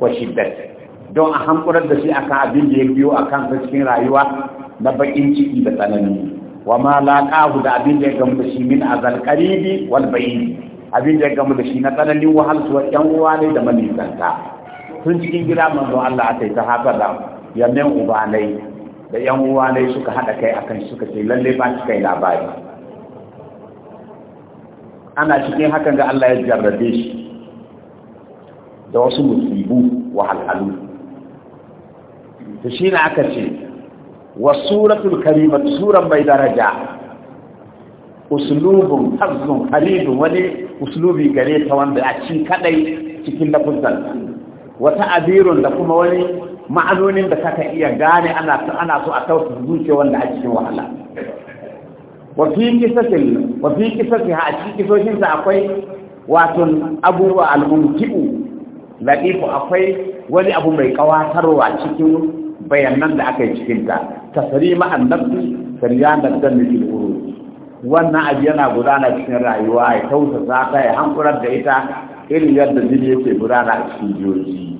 wa shiddat don a hankurar da shi akan abin da ya biyo a kansa cikin rayuwa na bakin ciki da tsanani wa ma laqahu da abin da ya gamu da shi min azal qaribi wal ba'id abin da ya gamu da shi na tsananin wahalsuwar yan uwa ne da manisanta tun cikin gida manzo Allah aka ta haka yamin ubanai da yan uwa uwanai suka haɗa kai akan suka ce lalle ba su kai labari ana cikin hakan ga Allah ya jarrabe shi da wasu musibu wahalhalu to shi na aka ce wa suratul karima suran mai daraja uslubun hazzun karibun wani uslubi gare ta wanda a ci kadai cikin lafuzan wata abirun da kuma wani ma'azonin da kaka iya gane ana ana so a tausa zuciya wanda a cikin wahala wa fi ha a cikin kisoshin sa akwai wato abubuwa al-mumti'u akwai wani abu mai kawatarwa cikin bayanan da aka yi cikin ta tasrima annabi sariyana dan fil urud wannan abu yana gudana cikin rayuwa ya tausasa ta ya hankurar da ita irin yadda jini yake gudana a cikin jiyoyi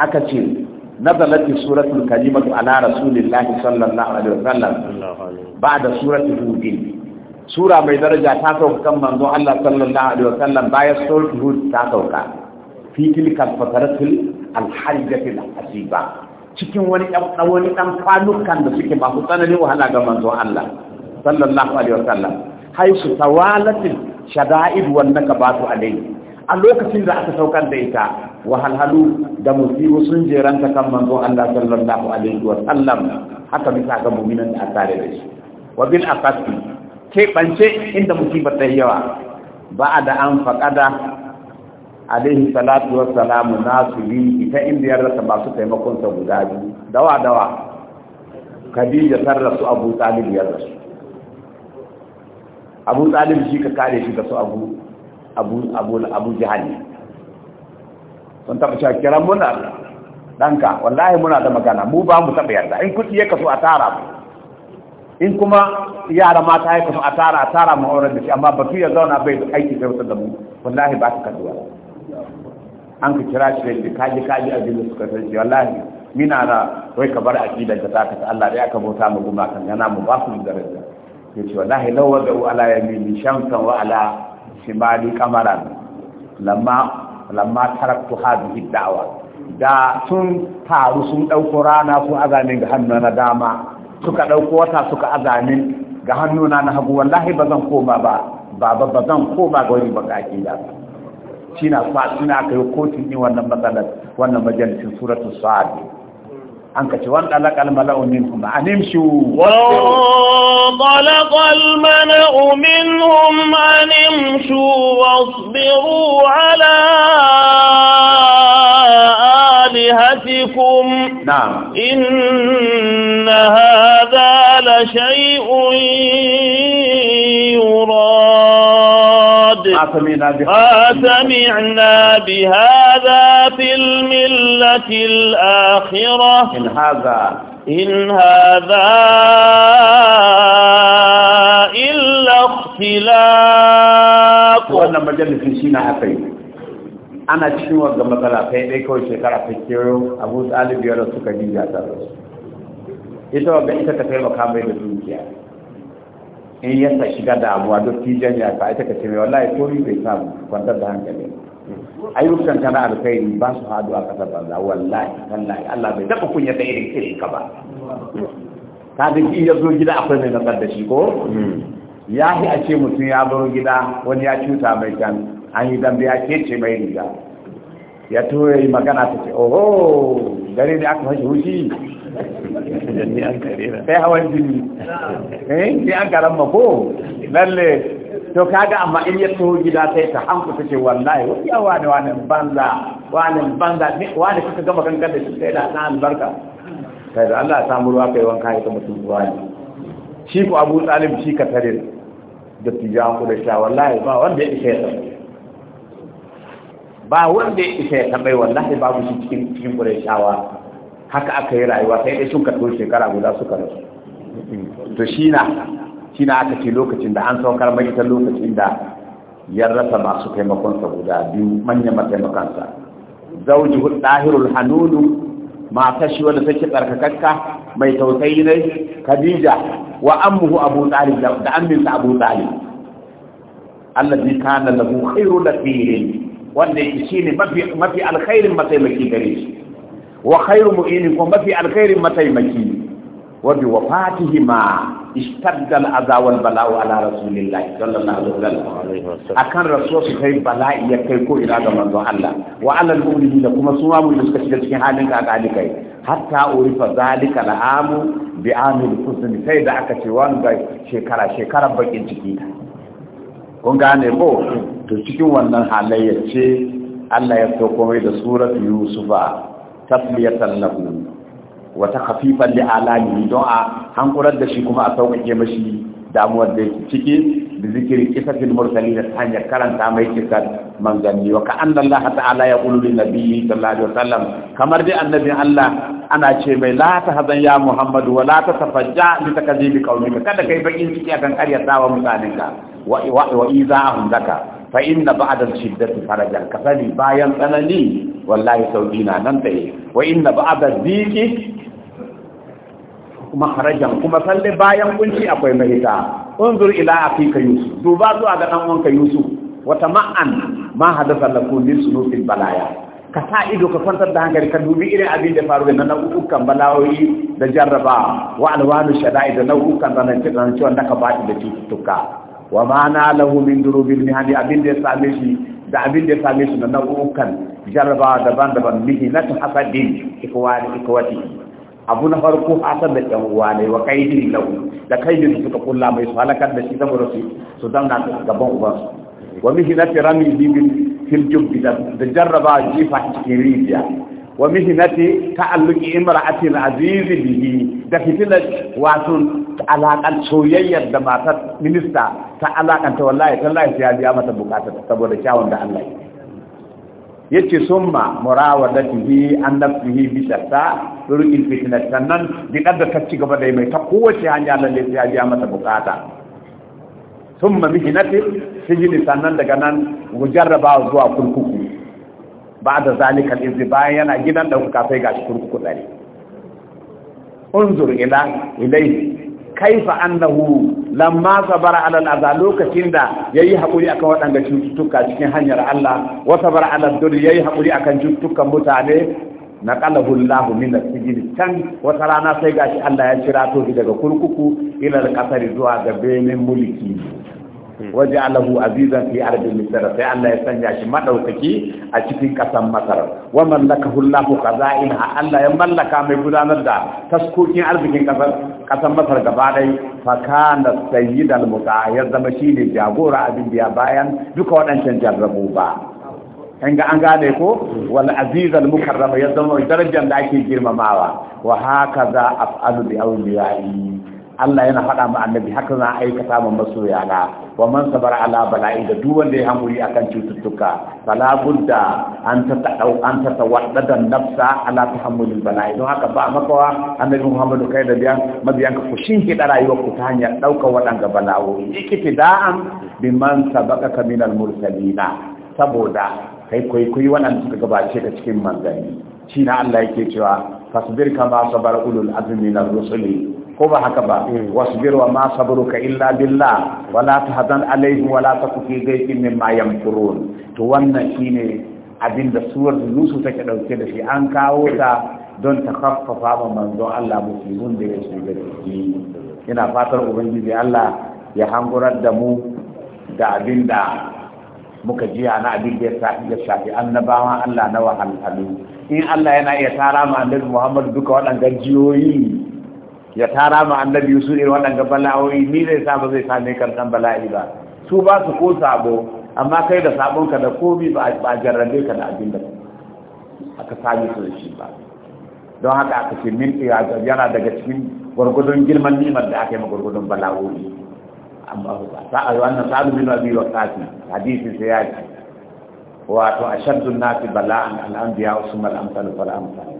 aka ce nazalati suratul kalimatu ala rasulillahi sallallahu alaihi wasallam ba'da suratul hud sura mai daraja ta sauka kan manzo Allah sallallahu alaihi wasallam bayan suratul hud ta sauka fi tilka fataratul alhajjatil hasiba cikin wani dan wani dan kwanukan da suke masu tsananin wahala ga manzo Allah sallallahu alaihi wasallam haisu tawalatil shada'id wan nakabatu alaihi a lokacin da aka saukar da ita wahalhalu da musibu sun jeranta kan manzo Allah sallallahu alaihi wa sallam haka bisa ga mu'minan da aka da shi wa bil aqasi ke bance inda musibar ta yawa ba da an faqada alaihi salatu wa salamu nasiri ita inda ya rasa masu taimakon sa guda biyu dawa dawa Khadija tar rasu Abu Talib ya rasu Abu Talib shi ka kare shi da su Abu abu abu ne sun taɓa cewa kiran muna ɗanka wallahi muna da magana mu ba mu taɓa yarda in kuɗi ya kaso a tara mu in kuma yara mata ya kaso a tara a tara mu auren da shi amma batu ya zauna bai da aiki da wata da mu wallahi ba su kaduwa an ka kira shi da kaji kaji abin da suka shi wallahi mina na wai ka bar aqidar ka ta ta Allah ya aka bauta mu gumakan gana mu ba su daraja yace wallahi lawa da ala yamin shamsan wa ala shimali kamaran lamma lamma taraktu hadhihi da'wa da sun taru sun dauko rana sun azamin ga hannu na dama suka dauko wata suka azamin ga hannu na na hagu wallahi bazan koma ba baba bazan koma ga wani baka akida shine fa suna kai kotun ni wannan matsalar wannan majalisin suratul sa'd an ka ce wanda alaƙa almala'u min kuma a nimshu وانطلق الملأ منهم أن امشوا واصبروا على آلهتكم نعم إن هذا لشيء سمعنا بهذا سمعنا بهذا في الملة الآخرة إن هذا إن هذا إلا اختلاق وأنا مجلس في سينا حفين أنا تشنو أبدا مثلا في إيكو شكرا في كيرو أبو سألي بيولا سكا جيجا تارو إذا بحثك في مقام بين الدنيا in ya sa shiga damuwa duk tijan ya ka ita ka ce mai wallahi ko ni bai samu kwantar da hankali ayyukan ta na alkhairi ba su hadu a kasar banza wallahi Allah bai taba kunya da irin irin ka ba ka ga in ya gida akwai mai nasar da shi ko ya yi a ce mutum ya zo gida wani ya cuta mai can an yi dambe ya kece mai riga ya tura yi magana ta ce oho kare da aka fashe hushi sai hawan jini eh Ni an ma ko lalle to kaga amma in ya taho gida sai ta hanku ta ce wallahi wani yawa da wani banza wani banza wani kuka gama kankan da shi sai da na albarka kai da Allah ya samu ruwa kai wanka ya mutum tuzuwa ne shi ko abu Talib shi ka tare da tijaku da sha wallahi ba wanda ya ishe ya ba wanda ya isa ya taɓa wallahi babu shi cikin cikin haka aka yi rayuwa sai dai sun karɓo shekara guda suka rasu to shi na shi na aka ce lokacin da an saukar mai ta lokacin da ya rasa masu taimakonsa guda biyu manyan mataimakansa zauji ɗahirul hanunu mata shi wanda take mai tausayi ne khadija wa ammuhu abu talib da amminsa abu talib allazi kana lahu khairu nasirin wanda yake shine mafi mafi alkhairin mataimaki gare shi wa khairu mu'inin kuma mafi alkhairin mataimaki wa bi wafatihima ishtadda al'aza wal bala'u ala rasulillahi sallallahu alaihi wasallam akan rasul su kai bala'i ya kai ko ina ga manzon Allah wa ala al-mu'minin da kuma su ma mu suka shiga cikin halin ka ga kai hatta urifa zalika al'amu bi amil husn sai da aka ce wani shekara shekara bakin ciki kun gane ko to cikin wannan halayyar ce Allah ya sauko mai da surat yusufa tasliyatan lahu wata khafifan li alami don a hankurar da shi kuma a sauƙaƙe mashi damuwar da yake ciki da zikirin kisatil mursalin da hanyar karanta mai kisan manzanni wa ka anna Allah ta'ala ya qulu lin nabiyyi sallallahu alaihi wasallam kamar dai annabin Allah ana ce mai la ta hazan ya Muhammadu wa la ta tafajja bi takdhibi qaumika kada kai bakin ciki akan karyatawa mutanenka wa wa iza'ahum zaka fa inna ba'da shiddati farajan ka sani bayan tsanani wallahi saudina na nan tsaye wa inna ba'da dhiki maharajan kuma salle bayan kunci akwai mahita unzur ila afika yusuf duba zuwa ga dan wanka yusuf wata ma'an ma hadatha lakum min sunufil balaya ka sa ido ka kwantar da hankali ka dubi irin abin da faru da na nau'ukan balawoyi da jarraba wa alwanu shada'i da nau'ukan ranar ciwon da ka bada da cututtuka wa ma'ana lahu min durubil mihani abin da ya same shi da abin da ya same shi na nau'ukan jarraba daban-daban mihi na haka mihinatun hasadin ikwani wati abu na farko hasad da yan uwa ne wa kaidin lahu da kaidin suka kulla mai su halakar da shi saboda su su danna gaban uban su wa mihinatun rami bil fil jubbi da jarraba jifa cikin rijiya wa mihinati ta'alluqi imra'atin aziz bihi da fitilar wato alakan soyayyar da matar minista ta alakanta wallahi tallahi ta ya biya mata bukatar saboda kyawun da Allah ya yace summa murawadatihi an nafsihi bi shatta turqil fitnat sannan bi kadda ta ci gaba da mai ta kowace hanya da sai ya biya mata bukata summa mihinati sijili sannan daga nan mujarraba zuwa kurkuku ba da zalika izi bayan yana gidan ɗaukuka sai ga shi kurkuku ɗari unzur ila ilai kaifa annahu lamma sabara ala al'aza lokacin da yayi hakuri akan waɗanda cututtuka cikin hanyar Allah wa sabara ala dur yayi hakuri akan cututtukan mutane na qalahu Allah min as-sijil tan wata rana sai gashi Allah ya kira to daga kurkuku ila al-qasari zuwa ga benin mulki Hmm. waje alahu azizan fi ardi misr sai Allah ya sanya shi madaukaki a cikin kasan masar wa mallakahu Allahu khaza'inha Allah ya mallaka mai gudanar da taskokin arzikin kasar kasan masar gaba dai fa kana sayyidal muta zama shine jagora abin biya bayan duka waɗancan jarrabu ba an ga an gane ko wal aziz al mukarrama ya zama darajar da ake girmamawa wa haka za a fa'alu bi auliyai Allah yana faɗa ma annabi haka za aikata ma masoyana wa man sabara ala bala'i da duk wanda ya hamuri akan cututtuka fala budda an ta ta'au an ta da nafsa ala tahammulil bala'i don haka ba makawa annabi muhammadu kai da biyan mabiyan ka ku shinke da rayuwar ku ta hanyar daukar waɗanga bala'o'i ikitida'an ka sabaqaka minal mursalina saboda kai kwaikwayi waɗanda suka gabace ka cikin manzanni shi na Allah yake cewa fasbir kama sabar ulul azmi na rusuli ko ba haka ba hmm. wasbir wa ma sabruka illa billah wala tahzan alaihim wala taku fi gaitin mimma yamkurun to wannan shine abinda suwar Yusuf take dauke da shi an kawo ta don ta khaffafa ma manzo Allah musulmin da ya da shi ina fatar ubangiji Allah ya hangurar da mu da abinda muka jiya na abin da ya shafi annabawan Allah na wahalhalu in Allah yana iya tara mu annabi Muhammad duka waɗannan jiyoyi ya tara ma annabi su irin waɗanda bala'o'i ni zai sa ba zai same kan bala'i ba su ba su ko sabo amma kai da sabonka da komi ba a jarrabe ka da abin da aka sami su da shi ba don haka aka ce min yana daga cikin gwargwadon girman nimar da aka yi ma gwargwadon bala'o'i amma ba yi wannan sa'adu bin abi wa kati hadisi sai ya ce wato ashaddun nasi bala'an al'anbiya usman amsal fal amsal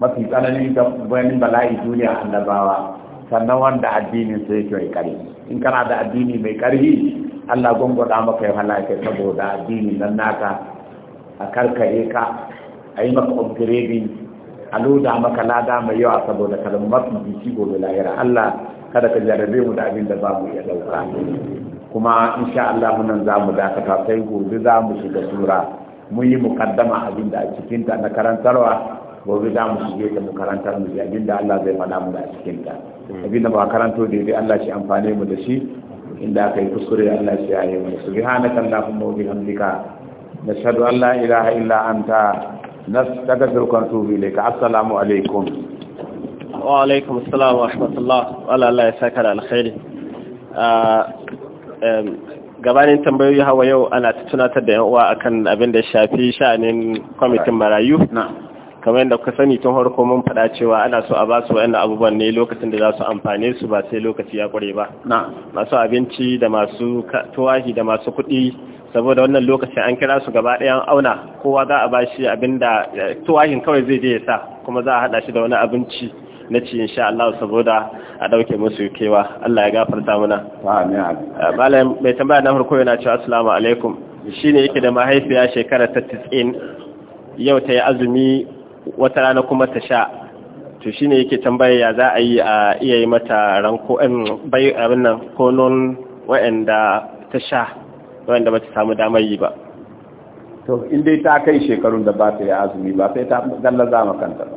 mafi tsananin wani bala'i duniya annabawa sannan wanda addinin sai yake mai karfi in kana da addini mai karfi Allah gungoda maka ya halaka saboda addini nan naka a karkare ka a yi maka upgrading a loda maka lada mai yawa saboda kalmar jiki gobe lahira Allah kada ka jarabe mu da abin da ba mu iya dauka kuma insha Allah munan za mu dakata sai gobe za mu shiga sura mun yi mukaddama abin da a cikinta na karantarwa gobe za mu shige ta karanta mu ji abinda Allah zai faɗa mu da cikin ta abinda ba karanto daidai Allah shi amfane mu da shi inda aka yi kuskure Allah shi ya yi mu subhanaka allahumma wa bihamdika nashhadu an la ilaha illa anta nastaghfiruka wa natubu ilayka assalamu alaikum wa alaikum assalam wa rahmatullah wala Allah ya saka da alkhairi ah, gabanin tambayoyi hawa yau ana tunatar da yan uwa akan abin da shafi sha'anin kwamitin marayu na'am kamar yadda kuka sani tun harko mun faɗa cewa ana so a ba su wa'annan abubuwan ne lokacin da za su amfane su ba sai lokaci ya ƙware ba masu abinci da masu tuwahi da masu kuɗi saboda wannan lokacin an kira su gaba ɗayan auna kowa za a ba shi abin da eh, tuwahin kawai zai je ya sa kuma za a haɗa shi da wani abinci na ci insha Allah saboda a ɗauke musu kewa Allah ya gafarta mana eh, malam mai tambaya na harko yana cewa assalamu alaikum shine yake da mahaifiya shekara ta 90 yau ta yi azumi wata rana kuma ta sha to shi ne yake tambaya ya za a yi a iya yi mata ranko bai abin nan konon wa'anda ta sha wa'anda ba ta samu damar yi ba to in dai ta kai shekarun da ba ta yi azumi ba sai ta galla ma kanta ba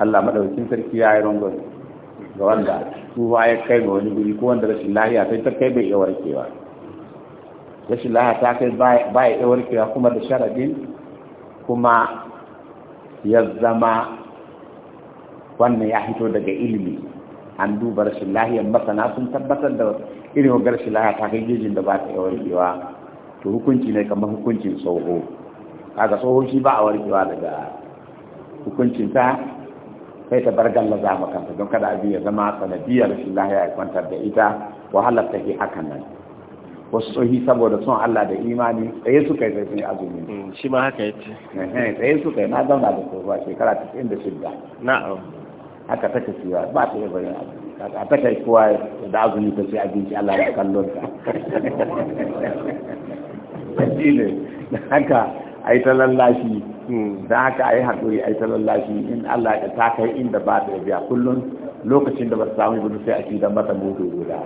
Allah madaukakin sarki ya yi rangon ga wanda tuwa ya kai ga wani guri ko wanda rashin lahiya sai ta kai bai iya warkewa rashin lahiya ta kai ba ya iya warkewa kuma da sharadin kuma ya zama wannan ya hito daga ilimi an duba rashin lahiyar masana sun tabbatar da irin wagar rashin lahiya ta kai gejin da ba ta yi warkewa to hukunci ne kamar hukuncin tsoho kaga tsoho shi ba a warkewa daga hukuncin ta sai ta bar gallaza makanta don kada abin ya zama sanadiyar rashin lahiya ya kwantar da ita wahalar take hakan nan wasu tsohi saboda son Allah da imani tsaye suka yi sai azumi mm, shi ma haka yace eh, eh, tsaye suka yi na zauna da tsohuwa shekara 96 na'am haka take cewa ba ta yi bayan a ta kai kowa da azumi ta ce abinci Allah ya kallon ta shi ne haka a yi ta lallashi mm. da haka a yi haƙuri a yi ta lallashi in Allah ya ta kai inda ba ta biya kullum lokacin da ba su samu gudu sai a ci don mata mutu guda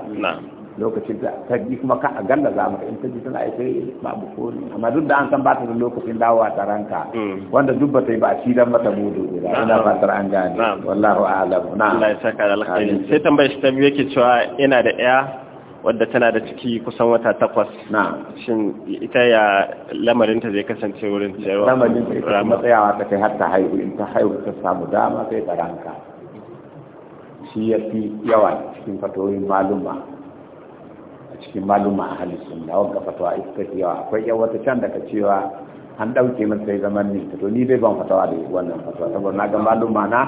lokacin da ta ji kuma ka ganda za mu in ta ji tana aike babu koli amma duk da an san ba ta da lokacin dawowa ta ranka hmm. wanda duk ba ta yi ba a cidan mata budu da ina ta ranga ne wallahu a'lam na Allah ya saka da alkhairi sai tambayar shi ta biyu yake cewa ina da ɗaya wadda tana da ciki kusan wata takwas na shin ita ya lamarin ta zai kasance wurin cewa. lamarin ta ita matsayawa ta kai har ta haihu in ta haihu ta samu dama sai ta ranka shi ya fi yawa cikin fatoyin maluma cikin maluma a halin da wanka fatawa ita ta yawa akwai yan wata can daga cewa an ɗauke masa sai zaman ne ta ni bai ban fatawa da wannan fatawa saboda na ga maluma na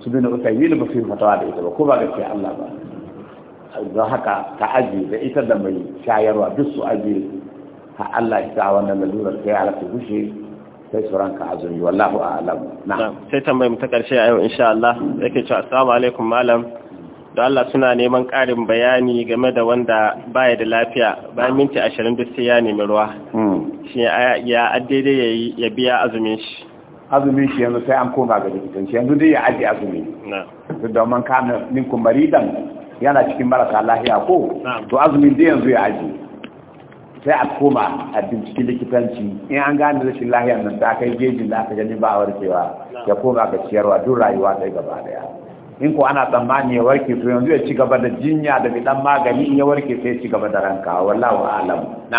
su bi na usaimin yi su mafi fatawa da ita ba ko ba ga ce Allah ba don haka ta aji da ita da mai shayarwa duk su aji ha Allah ya sa wannan lalurar sai ala ta gushe sai su ranka a zuri wallahu a'lam na sai tambayar mu ta karshe a yau insha Allah yake cewa assalamu alaikum malam da Allah suna neman ƙarin bayani game da wanda baya da lafiya bayan minti ashirin da sai ya nemi ruwa hmm. shi ya addaidai ya yi ya biya azumin shi azumin shi yanzu sai an koma ga likitan shi yanzu dai ya ajiye azumi na da man kana minkum maridan yana cikin marasa lahiya ko to azumin dai yanzu ya ajiye sai a koma a binciki likitanci in an gane rashin lahiyar nan ta yi gejin da aka gani ba a warkewa ya koma ga ciyarwa duk rayuwa ta gaba daya in ko ana tsammani ya warke to yanzu ya ci gaba da jinya da bidan magani ya warke sai ci da ranka wallahu a'lam na'am